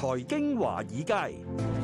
財經華爾街。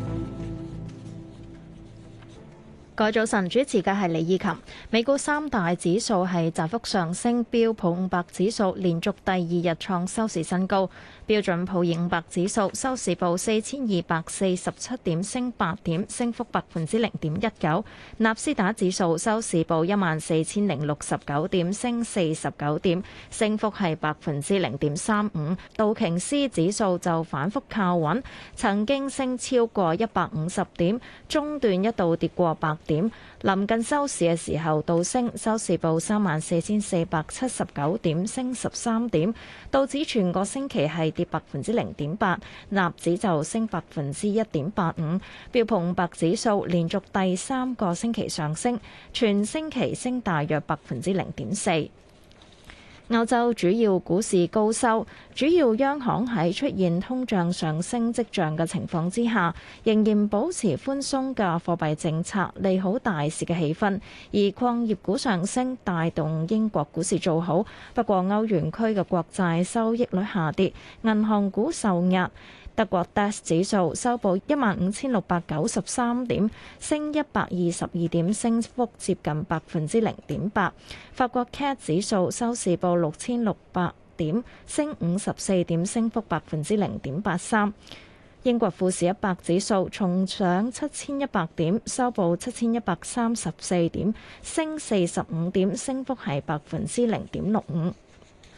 各位早晨，主持嘅係李意琴。美股三大指數係窄幅上升，標普五百指數連續第二日創收市新高，標準普爾五百指數收市報四千二百四十七點，升八點，升幅百分之零點一九。納斯達指數收市報一萬四千零六十九點，升四十九點，升幅係百分之零點三五。道瓊斯指數就反復靠穩，曾經升超過一百五十點，中段一度跌過百。點臨近收市嘅時候倒升，收市報三萬四千四百七十九點，升十三點。道指全個星期係跌百分之零點八，納指就升百分之一點八五，標普五百指數連續第三個星期上升，全星期升大約百分之零點四。歐洲主要股市高收，主要央行喺出現通脹上升跡象嘅情況之下，仍然保持寬鬆嘅貨幣政策，利好大市嘅氣氛。而礦業股上升帶動英國股市做好，不過歐元區嘅國債收益率下跌，銀行股受壓。德國 DAX 指數收報一萬五千六百九十三點，升一百二十二點，升幅接近百分之零點八。法國 CAC 指數收市報六千六百點，升五十四點，升幅百分之零點八三。英國富時一百指數重上七千一百點，收報七千一百三十四點，升四十五點，升幅係百分之零點六五。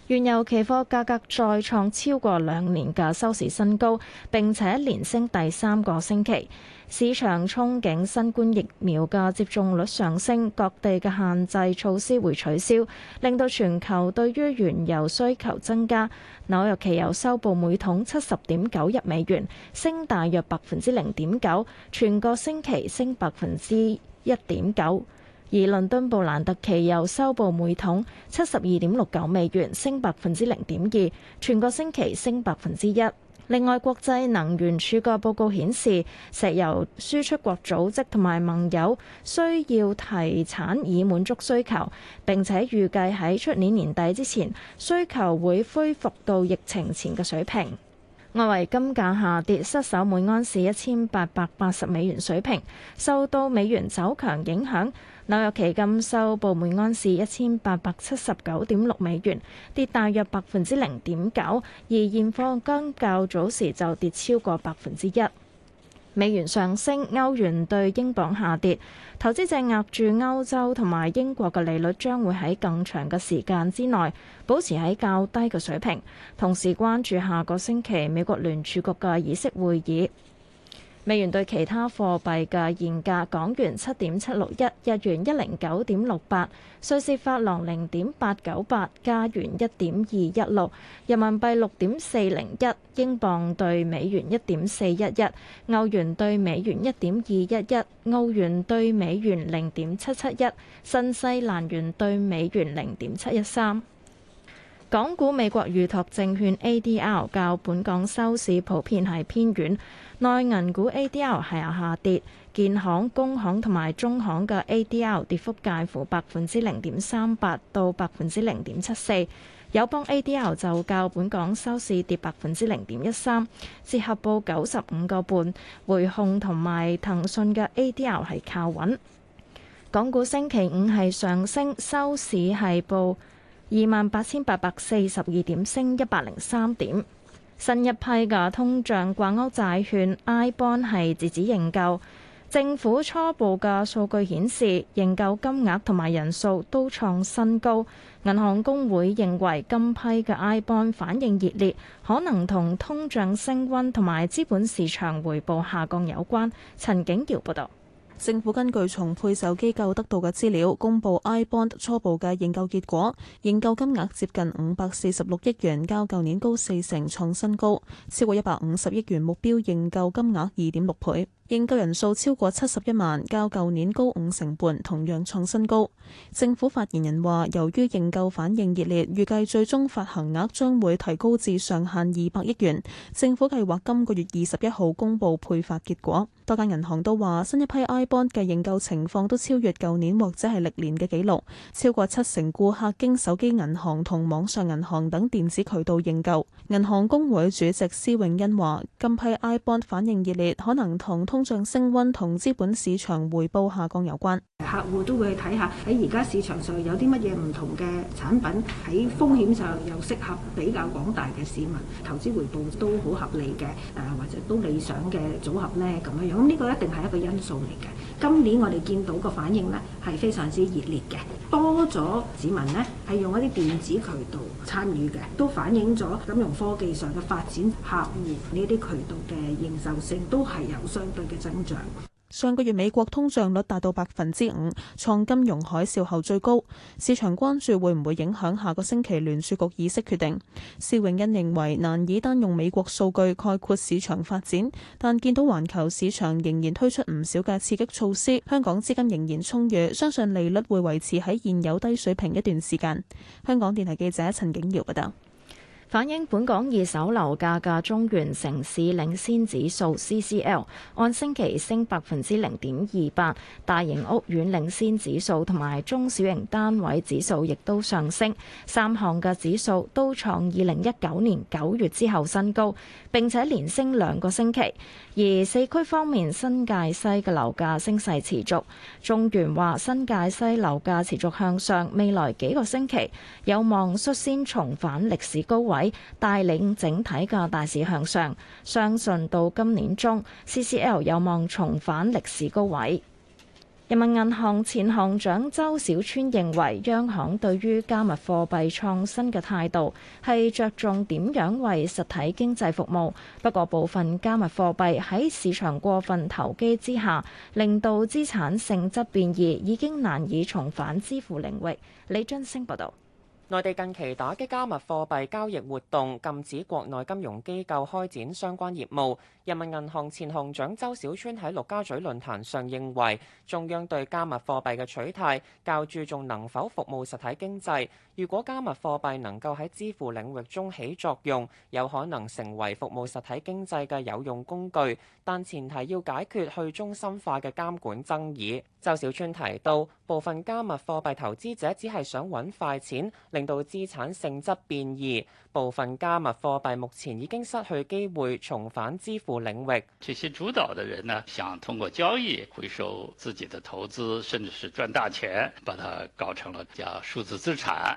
原油期貨價格再創超過兩年嘅收市新高，並且連升第三個星期。市場憧憬新冠疫苗嘅接種率上升，各地嘅限制措施會取消，令到全球對於原油需求增加。紐約期油收報每桶七十點九一美元，升大約百分之零點九，全個星期升百分之一點九。而倫敦布蘭特期油收報每桶七十二點六九美元，升百分之零點二，全個星期升百分之一。另外，國際能源署嘅報告顯示，石油輸出國組織同埋盟友需要提產以滿足需求，並且預計喺出年年底之前需求會恢復到疫情前嘅水平。外圍金價下跌，失守每盎司一千八百八十美元水平。受到美元走強影響，紐約期金收報每盎司一千八百七十九點六美元，跌大約百分之零點九。而現貨金較早時就跌超過百分之一。美元上升，歐元對英鎊下跌。投資者押住歐洲同埋英國嘅利率將會喺更長嘅時間之內保持喺較低嘅水平，同時關注下個星期美國聯儲局嘅議息會議。美元兌其他貨幣嘅現價：港元七點七六一，日元一零九點六八，瑞士法郎零點八九八，加元一點二一六，人民幣六點四零一，英鎊對美元一點四一一，歐元對美元一點二一一，澳元對美元零點七七一，新西蘭元對美元零點七一三。港股美國預託證券 A.D.L. 較本港收市普遍係偏遠，內銀股 A.D.L. 係下跌，建行、工行同埋中行嘅 A.D.L. 跌幅介乎百分之零點三八到百分之零點七四，友邦 A.D.L. 就較本港收市跌百分之零點一三，折合報九十五個半。匯控同埋騰訊嘅 A.D.L. 係靠穩，港股星期五係上升，收市係報。二萬八千八百四十二點，升一百零三點。新一批嘅通脹掛鈎債券 I bond 係截止認購。政府初步嘅數據顯示，認購金額同埋人數都創新高。銀行公會認為，今批嘅 I bond 反應熱烈，可能同通脹升溫同埋資本市場回報下降有關。陳景堯報道。政府根據從配售機構得到嘅資料，公布 I Bond 初步嘅認購結果，認購金額接近五百四十六億元，較舊年高四成，創新高，超過一百五十億元目標認購金額二點六倍，認購人數超過七十一萬，較舊年高五成半，同樣創新高。政府發言人話：由於認購反應熱烈，預計最終發行額將會提高至上限二百億元。政府計劃今個月二十一號公布配發結果。多間銀行都話新一批 I iBond 嘅認購情況都超越舊年或者係歷年嘅紀錄，超過七成顧客經手機銀行同網上銀行等電子渠道認購。銀行工會主席施永恩話：近批 iBond 反應熱烈，可能同通脹升溫同資本市場回報下降有關。客戶都會睇下喺而家市場上有啲乜嘢唔同嘅產品喺風險上又適合比較廣大嘅市民，投資回報都好合理嘅，誒或者都理想嘅組合咧，咁樣樣。呢、呢個一定係一個因素嚟嘅。今年我哋見到個反應呢，係非常之熱烈嘅，多咗市民呢，係用一啲電子渠道參與嘅，都反映咗金融科技上嘅發展，客戶呢啲渠道嘅認受性都係有相對嘅增長。上個月美國通脹率達到百分之五，創金融海嘯後最高。市場關注會唔會影響下個星期聯儲局議息決定。施永恩認為難以單用美國數據概括市場發展，但見到環球市場仍然推出唔少嘅刺激措施，香港資金仍然充裕，相信利率會維持喺現有低水平一段時間。香港電台記者陳景瑤報道。反映本港二手樓價嘅中原城市領先指數 CCL 按星期升百分之零點二八，大型屋苑領先指數同埋中小型單位指數亦都上升，三項嘅指數都創二零一九年九月之後新高，並且連升兩個星期。而四區方面，新界西嘅樓價升勢持續，中原話新界西樓價持續向上，未來幾個星期有望率先重返歷史高位。帶領整體嘅大市向上，相信到今年中，CCL 有望重返歷史高位。人民銀行前行長周小川認為，央行對於加密貨幣創新嘅態度係着重點樣為實體經濟服務，不過，部分加密貨幣喺市場過分投機之下，令到資產性質變異，已經難以重返支付領域。李津升報道。內地近期打擊加密貨幣交易活動，禁止國內金融機構開展相關業務。人民銀行前行長周小川喺陸家嘴論壇上認為，中央對加密貨幣嘅取態較注重能否服務實體經濟。如果加密貨幣能夠喺支付領域中起作用，有可能成為服務實體經濟嘅有用工具，但前提要解決去中心化嘅監管爭議。周小川提到，部分加密貨幣投資者只係想搵快錢，令到資產性質變異。部分加密貨幣目前已經失去機會重返支付領域。這些主導的人呢，想通過交易回收自己的投資，甚至是賺大錢，把它搞成了叫數字資產。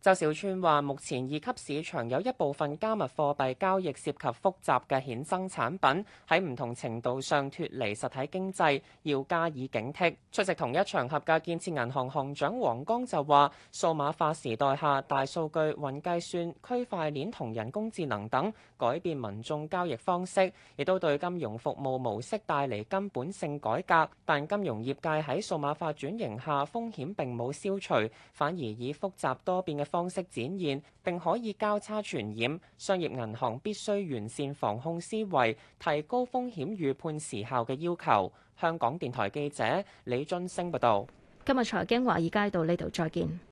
周小川話：目前二級市場有一部分加密貨幣交易涉及複雜嘅衍生產品，喺唔同程度上脱離實體經濟，要加以警惕。出席同一場合嘅建設銀行行長王江就話：數碼化時代下，大數據、雲計算、區塊鏈同人工智能等改變民眾交易方式，亦都對金融服務模式帶嚟根本性改革。但金融業界喺數碼化轉型下，風險並冇消除，反而以複雜多變嘅方式展現並可以交叉傳染，商業銀行必須完善防控思維，提高風險預判時效嘅要求。香港電台記者李津升報道。今日財經華爾街到呢度再見。